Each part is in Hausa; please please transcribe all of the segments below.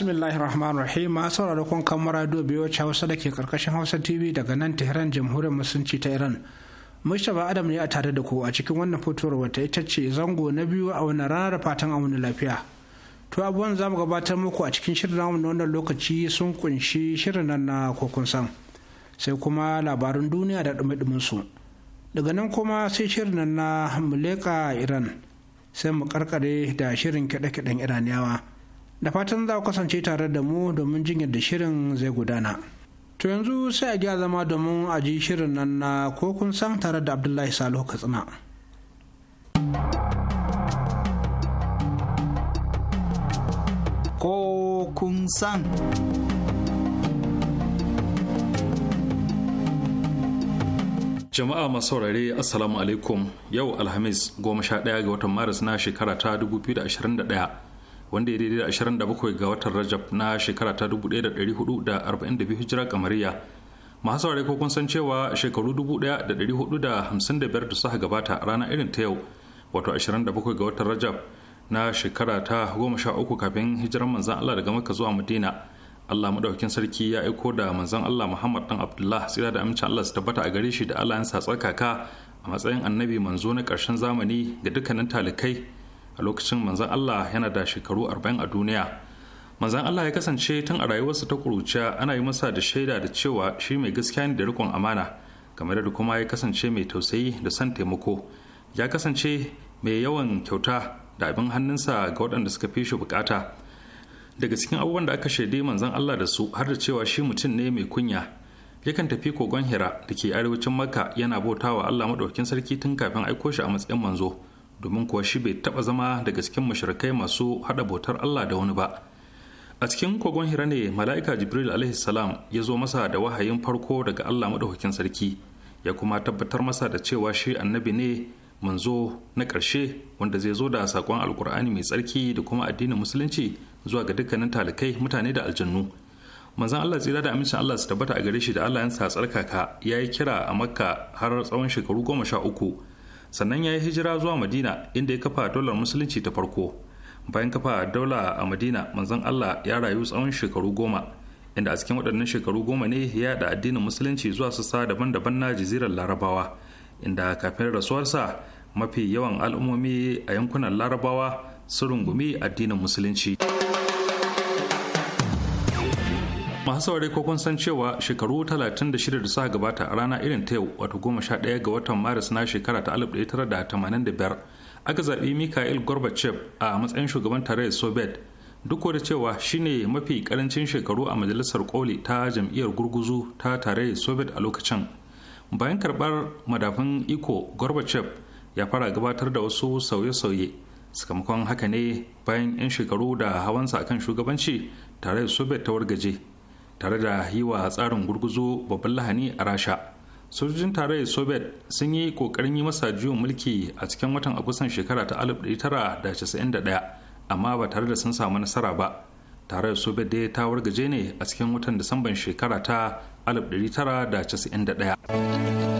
bismillahi rahman rahim saura da kun kan marado biyo hausa da ke karkashin hausa tv daga nan tehran jamhuriyar musulunci ta iran mustapha adam ne a tare da ku a cikin wannan fitowar wata ita ce zango na biyu a wani rana da fatan auni lafiya to abubuwan za mu gabatar muku a cikin shirin namu na wannan lokaci sun kunshi shirin nan na kokun san sai kuma labarun duniya da dumi su daga nan kuma sai shirin nan na muleka iran sai mu karkare da shirin kiɗe-kiɗen iraniyawa da fatan za ku kasance tare da mu domin jin yadda shirin zai gudana to yanzu sai a gya zama domin a ji shirin nan na ko kun san tare da abdullahi salihu katsina ko kun san jama'a masu saurare assalamu alaikum yau alhamis ɗaya ga watan maris na shekara ta ɗaya. wanda ya daidai da 27 ga watan rajab na shekara ta 1442 hijira kamariya masu saurari ko kun san cewa shekaru 1455 da suka gabata a ranar irin ta yau wato 27 ga watan rajab na shekara ta 13 kafin hijiran manzan allah daga maka zuwa madina allah madaukakin sarki ya aiko da manzan allah muhammad dan abdullah tsira da amincin allah su tabbata a gare shi da allah sa tsarkaka a matsayin annabi manzo na ƙarshen zamani ga dukkanin talikai a lokacin manzan Allah yana da shekaru 40 a duniya manzan Allah ya kasance tun a rayuwarsa ta kuruciya ana yi masa da shaida da cewa shi mai gaskiya ne da rikon amana kamar da kuma ya kasance mai tausayi da son taimako ya kasance mai yawan kyauta da abin hannunsa ga waɗanda suka fi shi bukata daga cikin abubuwan da aka shaide manzan Allah da su har da cewa shi mutum ne mai kunya yakan tafi kogon hira da ke arewacin makka yana bautawa Allah maɗaukin sarki tun kafin aiko shi a matsayin manzo domin kuwa shi bai taɓa zama daga cikin mashirkai masu haɗa bautar Allah da wani ba a cikin kogon hira ne mala'ika jibril alaihi salam ya zo masa da wahayin farko daga Allah maɗaukakin sarki ya kuma tabbatar masa da cewa shi annabi ne manzo na ƙarshe wanda zai zo da saƙon alkur'ani mai tsarki da kuma addinin musulunci zuwa ga dukkanin talikai mutane da aljannu manzon Allah tsira da amincin Allah su tabbata a gare shi da Allah yansa tsarkaka ya yi kira a makka har tsawon shekaru goma sha uku sannan ya yi hijira zuwa madina inda ya kafa daular musulunci ta farko bayan kafa daula a madina manzon allah ya rayu tsawon shekaru goma inda a cikin waɗannan shekaru goma ne ya yada addinin musulunci zuwa sassa daban-daban na jazirar larabawa inda kafin rasuwarsa mafi yawan al'ummomi a yankunan larabawa sun rungumi addinin musulunci. masu saurare ko kun san cewa shekaru 36 da suka gabata a rana irin ta yau wato 11 ga watan maris na shekara ta 1985 aka zaɓi mikhail gorbachev a matsayin shugaban tarayyar soviet duk da cewa shine mafi karancin shekaru a majalisar koli ta jam'iyyar gurguzu ta tarayyar soviet a lokacin bayan karɓar madafin iko gorbachev ya fara gabatar da wasu sauye-sauye sakamakon haka ne bayan 'yan shekaru da hawansa kan shugabanci tare da soviet ta wargaje tare da yi wa tsarin gurguzo babban lahani a rasha sojojin tarayyar soviet sun yi kokarin yi masa juyin mulki a cikin watan agustan shekara ta 1991 amma ba tare da sun samu nasara ba tarayyar soviet dai ta wargaje ne a cikin watan disamban shekara ta 1991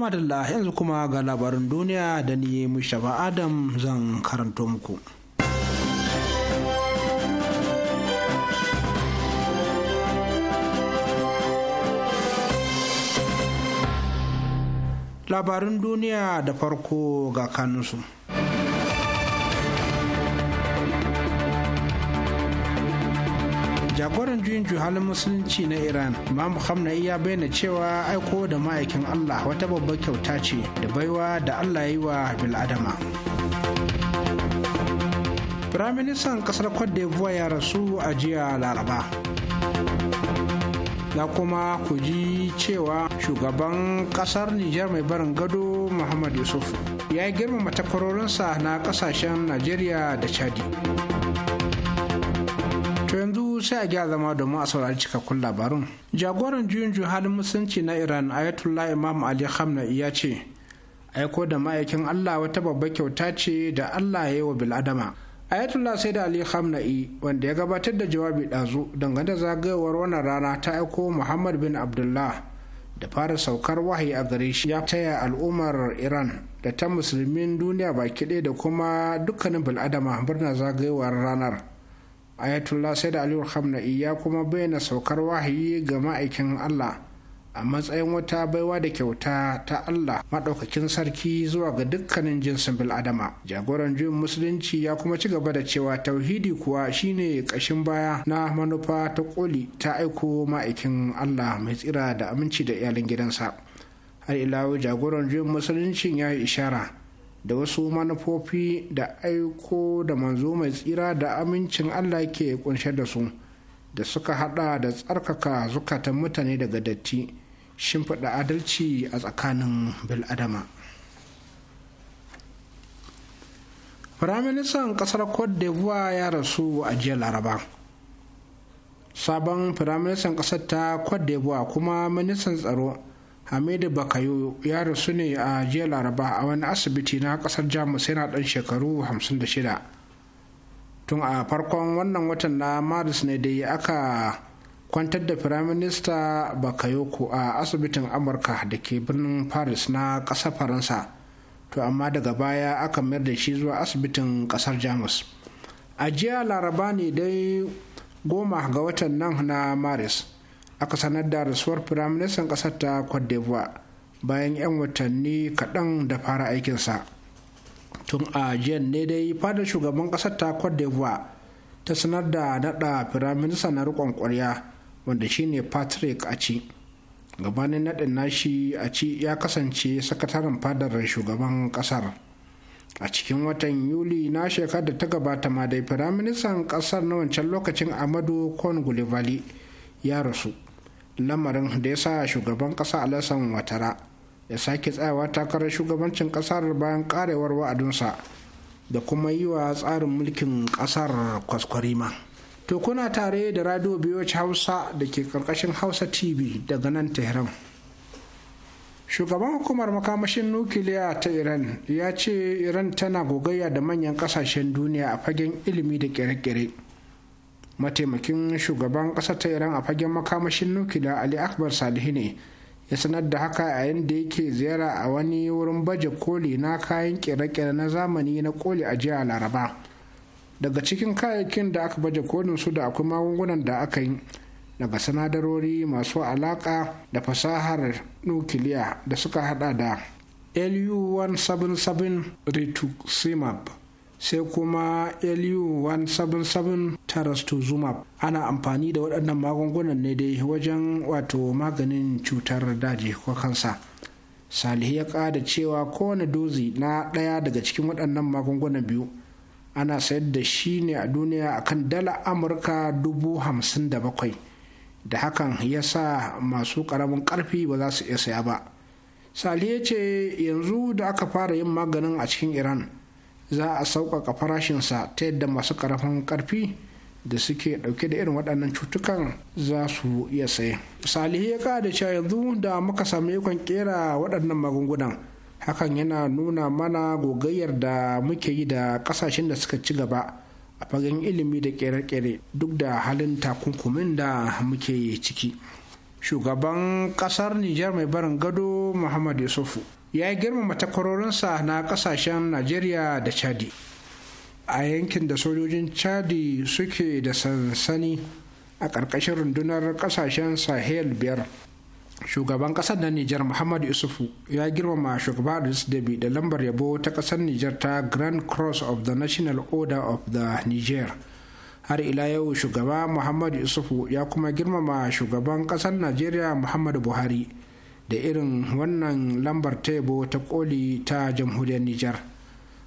madalla yanzu kuma ga labarin duniya da ni mushaba adam zan karanto muku labarin duniya da farko ga kanunsu. jagoran juyin halin musulunci na iran imam hamnai ya bayyana cewa aiko da ma'aikin allah wata babbar kyauta ce da baiwa da allah ya yi wa bil'adama firaministan kasar cote d'ivoire ya rasu a jiya laraba za kuma ku ji cewa shugaban kasar Nijar mai barin gado Muhammad Yusuf ya yi girmama takwarorinsa na kasashen Najeriya da Chadi. yanzu sai a gyara zama domin a saurari cikakkun labarun. Jagoran juyin juyin halin musulunci na Iran Ayatollah Imam Ali Khamenei ya ce, aiko da ma'aikin Allah wata babbar kyauta ce da Allah ya yi wa bil'adama. Ayatollah sai da Ali Khamenei wanda ya gabatar da jawabi ɗazu dangane da zagayowar wannan rana ta aiko Muhammad bin Abdullah da fara saukar wahayi a gare shi ya taya al'ummar Iran da ta musulmin duniya baki ɗaya da kuma dukkanin bil'adama murna zagayowar ranar. ayatullah sai da aliyu hamna'i ya kuma bayyana saukar wahayi ga ma'aikin allah a matsayin wata baiwa da kyauta ta allah maɗaukakin sarki zuwa ga dukkanin jinsin bil'adama jagoran juyin musulunci ya kuma ci gaba da cewa tauhidi kuwa shine ƙashin baya na manufa ta ƙoli ta aiko ma'aikin allah mai tsira da aminci da iyalin gidansa har ila jagoran juyin musuluncin ya yi ishara da wasu manufofi da aiko da manzo mai tsira da amincin allah ke kunshe da su da suka hada da tsarkaka zukatan mutane daga datti shimfiɗa adalci a tsakanin bil'adama firaministan ƙasar cote d'ivoire ya rasu a jiya laraba sabon firaministan ƙasar ta cote d'ivoire kuma ministan tsaro hamidu bakayo ya rasu ne a jiya laraba a wani asibiti na kasar jamus yana dan shekaru 56 tun a farkon wannan watan na maris ne dai aka kwantar da firaminista bakayoko a asibitin amurka da ke birnin paris na kasar faransa to amma daga baya aka mayar da shi zuwa asibitin kasar jamus a jiya laraba ne dai goma ga watan nan na maris aka sanar da rasuwar firaministan ƙasar ta cote bayan 'yan watanni kaɗan da fara aikinsa tun a jiyan ne dai fadar shugaban ƙasar ta cote ta sanar da naɗa firaminista na riƙon ƙwarya wanda shine patrick aci gabanin naɗin nashi aci ya kasance sakataren fadar shugaban ƙasar a cikin watan yuli na shekarar da ta gabata ma dai firaministan ƙasar na wancan lokacin amadu kon gulivali ya rasu lamarin da ya sa shugaban ƙasa alasan watara ya sake tsayawa takarar shugabancin ƙasar bayan karewar wa'adunsa da kuma yi wa tsarin mulkin ƙasar kwaskwarima to kuna tare da radio biyu hausa da ke ƙarƙashin hausa tv daga nan tehran shugaban hukumar makamashin nukiliya ta iran ya ce iran tana gogayya da manyan kasashen duniya a fagen ilimi da kere-kere mataimakin shugaban ƙasar ta iran a fagen makamashin nukiliya ali akbar salihi ne ya sanar da haka a yadda yake ziyara a wani wurin baje koli na kayan kere-kere na zamani na koli a jiya laraba daga cikin kayayyakin da aka baje kolin su da akwai magungunan da aka yi daga sinadarori masu alaka da fasahar nukiliya da suka hada da lu 177 rituximab sai kuma lu-177 tarastuzumab ana amfani da waɗannan magungunan ne dai wajen wato maganin cutar daji ko kansa salihu ya ƙada cewa kowane dozi na ɗaya daga cikin waɗannan magungunan biyu ana sayar da shi ne a duniya akan dala amurka dubu hamsin da bakwai da hakan ya sa masu ƙaramin ƙarfi ba za su iya saya ba salih ya ce yanzu da aka fara yin maganin a cikin iran za a sauƙaƙa farashinsa ta yadda masu ƙarfin ƙarfi da suke ɗauke da irin waɗannan cutukan za su iya saye. salihu ya da cewa yanzu da muka sami ikon ƙera waɗannan magungunan hakan yana nuna mana gogayyar da muke yi da ƙasashen da suka ci gaba a fagen ilimi da ƙere-ƙere duk da halin takunkumin da muke ciki. shugaban kasar nijar mai barin gado muhammad yusufu ya yi girmama takwarorinsa na kasashen najeriya da chadi a yankin da sojojin chadi suke da sansani a ƙarƙashin rundunar kasashen sahel biyar shugaban ƙasar na nijar muhammad yusufu ya girmama shugaba Idris Debi da lambar yabo ta ƙasar nijar ta grand cross of the national order of the niger har ila yau shugaba muhammadu isufu ya kuma girmama shugaban kasar najeriya muhammadu buhari da irin wannan lambar tebo ta koli ta jamhuriyar nijar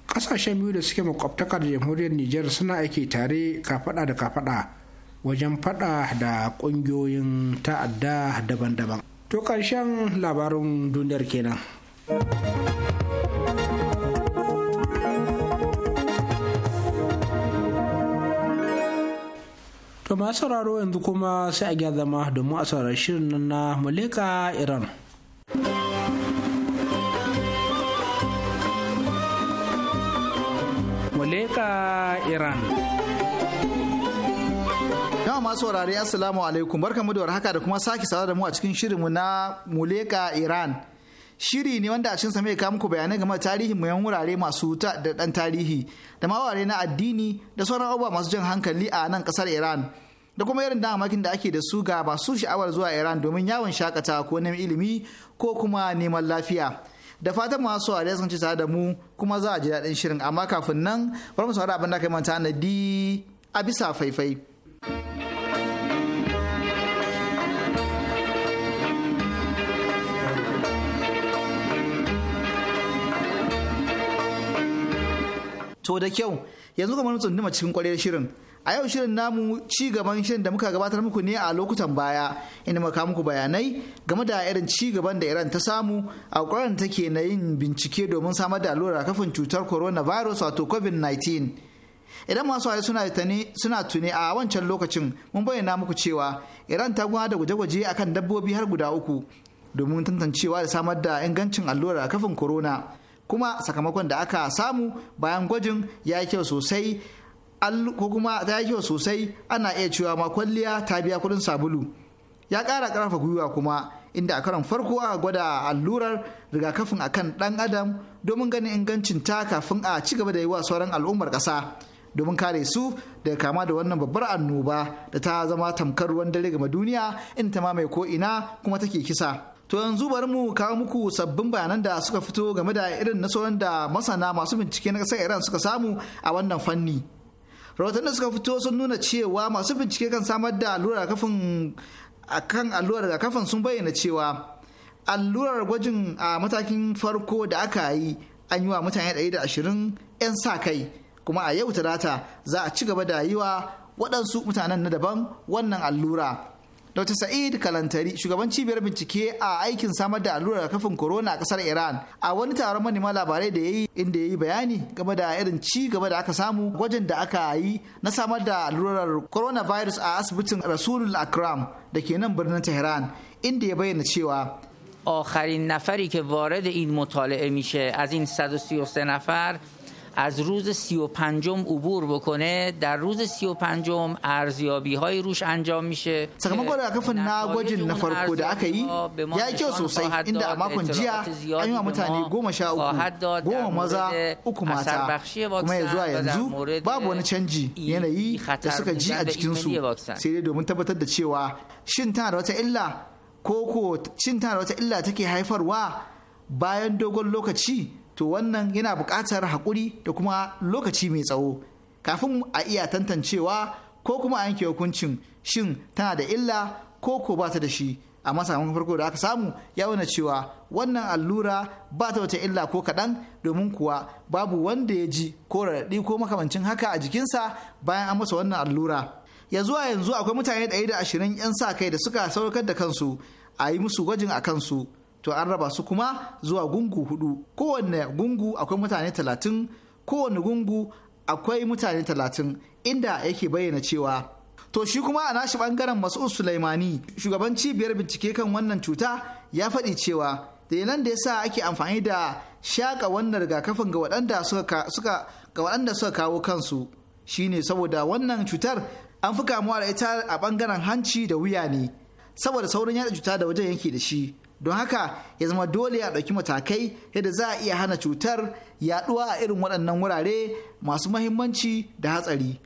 kasashen biyu da suke makwabtakar jamhuriyar nijar suna aiki tare kafada da kafada wajen fada da kungiyoyin ta'adda daban-daban to ƙarshen labarin duniyar kenan. To ma sauraro yanzu kuma sai a gya zama domin a saurari shirin nan na Muleka Iran. Iran. Yawan masu saurari Assalamu alaikum barkamu da warhaka da kuma sake sawa da mu a cikin shirinmu na Muleka Iran. Shiri ne wanda a cikin mai ka muku bayanai game da tarihin muyan wurare masu da dan tarihi da maware na addini da sauran abubuwa masu jan hankali a nan kasar Iran. da kuma irin damakin da ake da su ga su sha'awar zuwa Iran domin yawon shakatawa ko neman ilimi ko kuma neman lafiya. Da fatan masu a sun ci tare da mu kuma za a ji daɗin shirin amma kafin nan bari mu saurari abin da kai manta na di a bisa faifai. To da kyau yanzu kamar mutum cikin kwarar shirin a yau shirin namu ci gaban shirin da muka gabatar muku ne a lokutan baya inda muka muku bayanai game da irin ci gaban da Iran ta samu a da take na yin bincike domin samar da allurar kafin cutar corona virus wato covid-19 idan masu hari suna tuni a wancan lokacin mun bayyana muku cewa iran ta gwana da gwaje-gwaje akan dabbobi har guda uku domin tantancewa da samar da ingancin allurar kafin corona kuma sakamakon da aka samu bayan gwajin ya yi kyau sosai ko kuma ta yi kyau sosai ana iya cewa ma kwalliya ta biya kuɗin sabulu ya ƙara ƙarfafa gwiwa kuma inda a karon farko aka gwada allurar rigakafin akan ɗan adam domin ganin ingancin ta kafin a ci gaba da yi wa sauran al'ummar ƙasa domin kare su daga kama da wannan babbar annoba da ta zama tamkar ruwan dare game duniya in ta mamaye ko ina kuma take kisa to yanzu bari mu kawo muku sabbin bayanan da suka fito game da irin nasoran da masana masu bincike na ƙasar iran suka samu a wannan fanni Rawatan da suka fito sun nuna cewa masu bincike kan samar da allurar rigakafin akan allurar rigakafin sun bayyana cewa allurar gwajin a matakin farko da aka yi an yi wa mutane 120 'yan sa kai kuma a yau talata za a ci gaba da yi wa waɗansu mutanen na daban wannan allura Dr. Sa'id Kalantari, shugaban cibiyar bincike a aikin samar da allurar kafin corona a kasar Iran, a wani taron manema labarai da ya yi inda ya yi bayani game da irin ci gaba da aka samu gwajin da aka yi na samar da allurar coronavirus a asibitin Rasulul Akram da ke nan birnin Tehran, inda ya bayyana cewa آخرین نفری که وارد این مطالعه میشه از این 133 نفر از روز سی و پنجم عبور بکنه در روز سی و پنجم ارزیابی های روش انجام میشه sakamakon da na gwajin na farko da aka yi ya kyau sosai inda a makon jiya an yi wa mutane goma sha uku goma maza uku mata kuma ya zuwa yanzu babu wani canji yanayi da suka ji a jikinsu sai dai domin tabbatar da cewa shin tana shin tana da wata illa take haifarwa bayan dogon lokaci to wannan yana buƙatar haƙuri da kuma lokaci mai tsawo kafin a iya tantancewa ko kuma a yanke hukuncin shin tana da illa ko ko ba ta da shi amma sakamakon farko da aka samu ya wani cewa wannan allura ba ta wata illa ko kaɗan domin kuwa babu wanda ya ji ko raɗaɗi ko makamancin haka a jikinsa bayan an masa wannan allura ya zuwa yanzu akwai mutane 120 'yan sa kai da suka saukar da kansu a yi musu gwajin a kansu to an raba su kuma zuwa gungu hudu kowanne gungu akwai mutane talatin kowanne gungu akwai mutane talatin inda yake bayyana cewa to shi kuma a nashi bangaren masu sulaimani shugaban cibiyar bincike kan wannan cuta ya faɗi cewa dalilan da yasa ake amfani da shaƙa wannan rigakafin ga waɗanda suka, kawo kansu shine saboda wannan cutar an fi kamuwa da ita a bangaren hanci da wuya ne saboda saurin yada cuta da wajen yake da shi don haka ya zama dole a ɗauki matakai yadda za a iya hana cutar yaɗuwa a irin waɗannan wurare masu mahimmanci da hatsari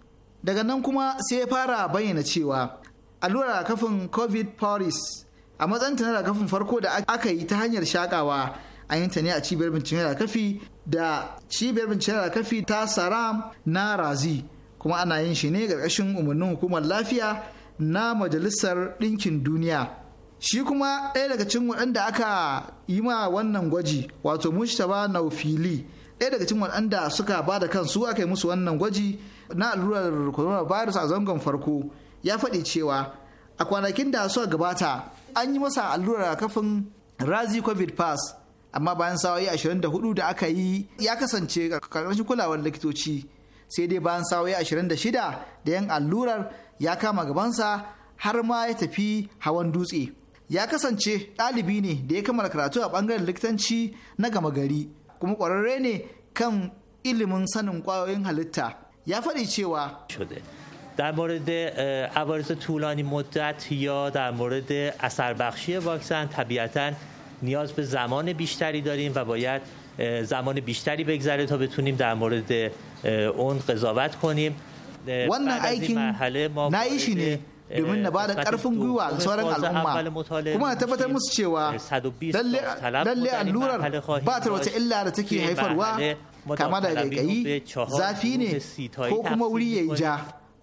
daga nan kuma sai ya fara bayyana cewa allurar Rakafin covid paris a matsayinta na rakafin farko da aka yi ta hanyar shakawa a yi ta ne a cibiyar binciken rakafi da cibiyar binciken rakafi ta saram na razi kuma ana yin shi ne ƙarƙashin umarnin hukumar lafiya na majalisar ɗinkin duniya shi kuma ɗaya daga cikin waɗanda aka yi ma wannan gwaji wato mushtaba naufili ɗaya daga cikin waɗanda suka ba da kansu aka yi musu wannan gwaji na allurar coronavirus a zangon farko ya faɗi cewa a kwanakin da suka gabata an yi masa allurar kafin razi covid pass amma bayan sawayi 24 da aka yi ya kasance karkashin kulawar likitoci sai dai bayan sawayi 26 da yan allurar ya kama gabansa har ma ya tafi hawan dutse ya kasance ɗalibi ne da ya kammala karatu a ɓangaren liktanci na gama gari kuma ƙwararre ne kan ilimin sanin ƙwayoyin halitta در مورد عوارض طولانی مدت یا در مورد اثر بخشی واکسن طبیعتا نیاز به زمان بیشتری داریم و باید زمان بیشتری بگذره تا بتونیم در مورد اون قضاوت کنیم وان نایکین نایشینه domin na bada karfin gwiwa a sauran al'umma kuma na tabbatar musu cewa lalle allurar ba ta wata illa da take haifarwa kama da gaigayi zafi ne ko kuma wuri ya ja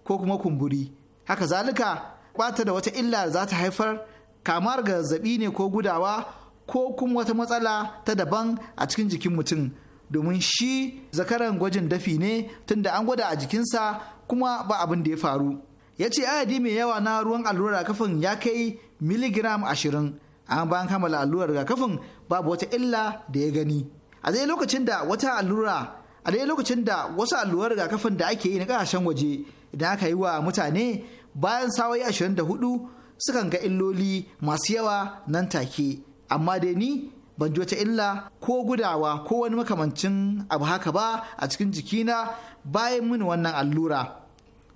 ko kuma kumburi haka zalika ba ta da wata illa za ta haifar kamar ga zazzabi ne ko gudawa ko kuma wata matsala ta daban a cikin jikin mutum domin shi zakaran gwajin dafi ne tunda an gwada a jikinsa kuma ba abin da ya faru ya ce adadi mai yawa na ruwan allurar rigakafin ya kai miligiram ashirin an bayan kammala allurar rigakafin babu wata illa da ya gani a dai lokacin da wata allura a dai lokacin da wasu allurar rigakafin da ake yi na kasashen waje idan aka yi wa mutane bayan sawai ashirin da hudu sukan ga illoli masu yawa nan take amma dai ni ban ji wata illa ko gudawa ko wani makamancin abu haka ba a cikin jikina bayan mini wannan allura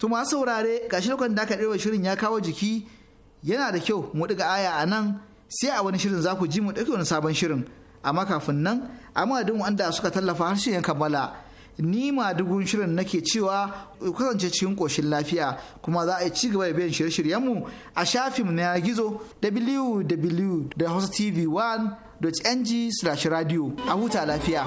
to masu saurare gashi lokacin da aka ɗirwa shirin ya kawo jiki yana da kyau mu ɗiga aya a nan sai a wani shirin za ku ji mu ɗauki wani sabon shirin amma kafin nan a madadin anda suka tallafa harshen ya kammala ni ma dugun shirin nake cewa kasance cikin koshin lafiya kuma za a yi ci gaba da biyan shirye-shiryenmu a shafin na gizo wwwhostv 1ng radio a huta lafiya.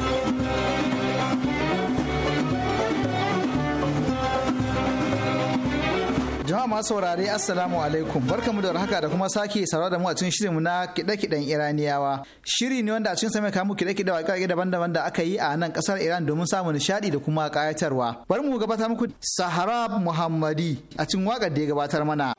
jama'a masu saurare assalamu alaikum barkamu da warhaka da kuma sake saurara da mu a cikin shirinmu na kide-kiden iraniyawa shiri ne wanda a cikin sami kamu kide-kide waƙaƙe daban-daban da aka yi a nan kasar iran domin samun nishaɗi da kuma kayatarwa bari mu gabatar muku saharab muhammadi a cikin waƙar da ya gabatar mana.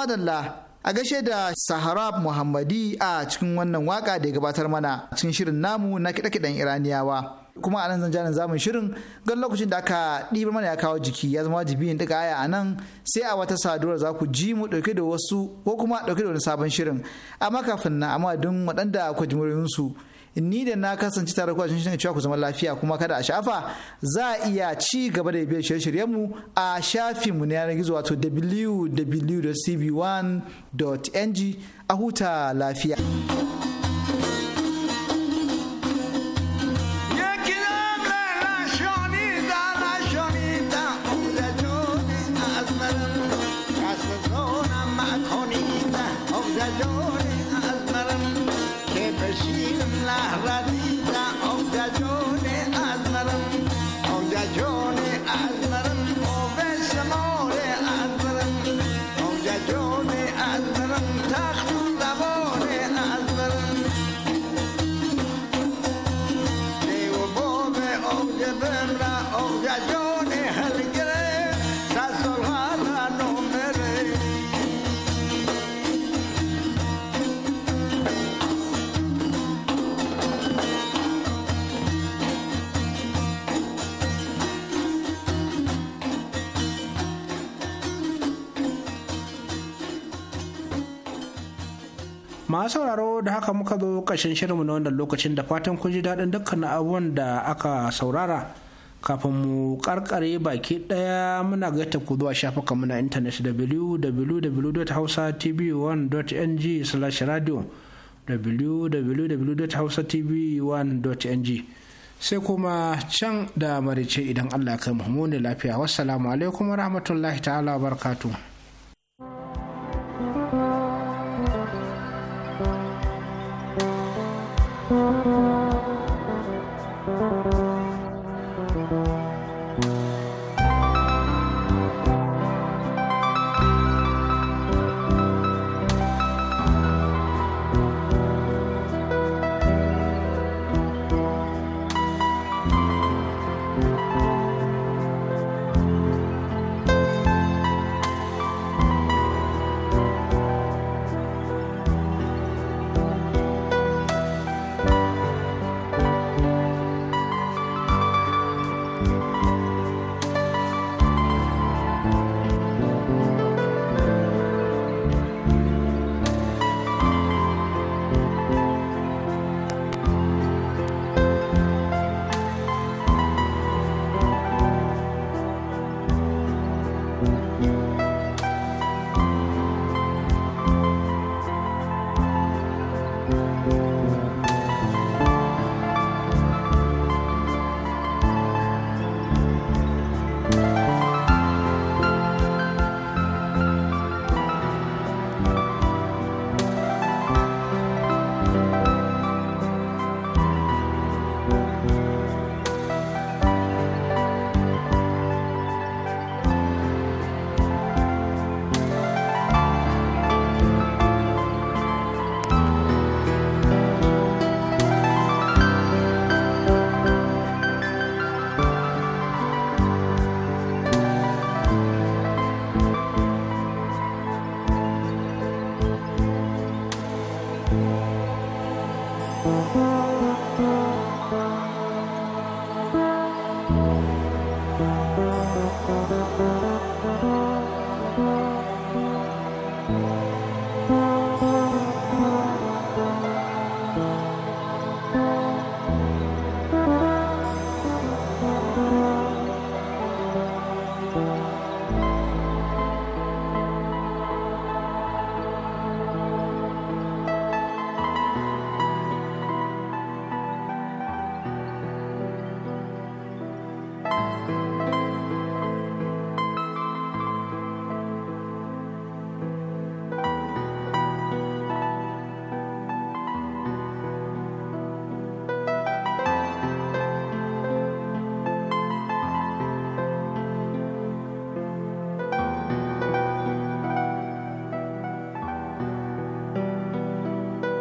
to dalla a gaishe da saharab muhammadi a cikin wannan waka da ya gabatar mana cikin shirin namu na kiɗe-kiɗen iraniyawa kuma a nan zan jani zamun shirin gan lokacin da aka ɗiba mana ya kawo jiki ya zama wajibi in ɗiga aya a nan sai a wata saduwar za ku ji mu ɗauke da wasu ko kuma ɗauke da wani sabon shirin amma kafin na amma don waɗanda ku ji su ni da na kasance tare kuwa cikin cewa ku zama lafiya kuma kada a shafa za a iya ci gaba da biyar shirye mu a shafin mu na yanar gizo wato www.cb1.ng a huta lafiya. masu sauraro da haka muka zo ƙarshen shirinmu na wannan lokacin da fatan kun ji daɗin dukkan abubuwan da aka saurara kafin mu karkare baki ɗaya muna gaita ku zuwa mu na intanet www.hausatv1.ng slash radio www.hausatv1.ng sai kuma can da marice idan allah ya kai mu ne lafiya wassalamu alaikum rahmatullahi ta'ala barkatu.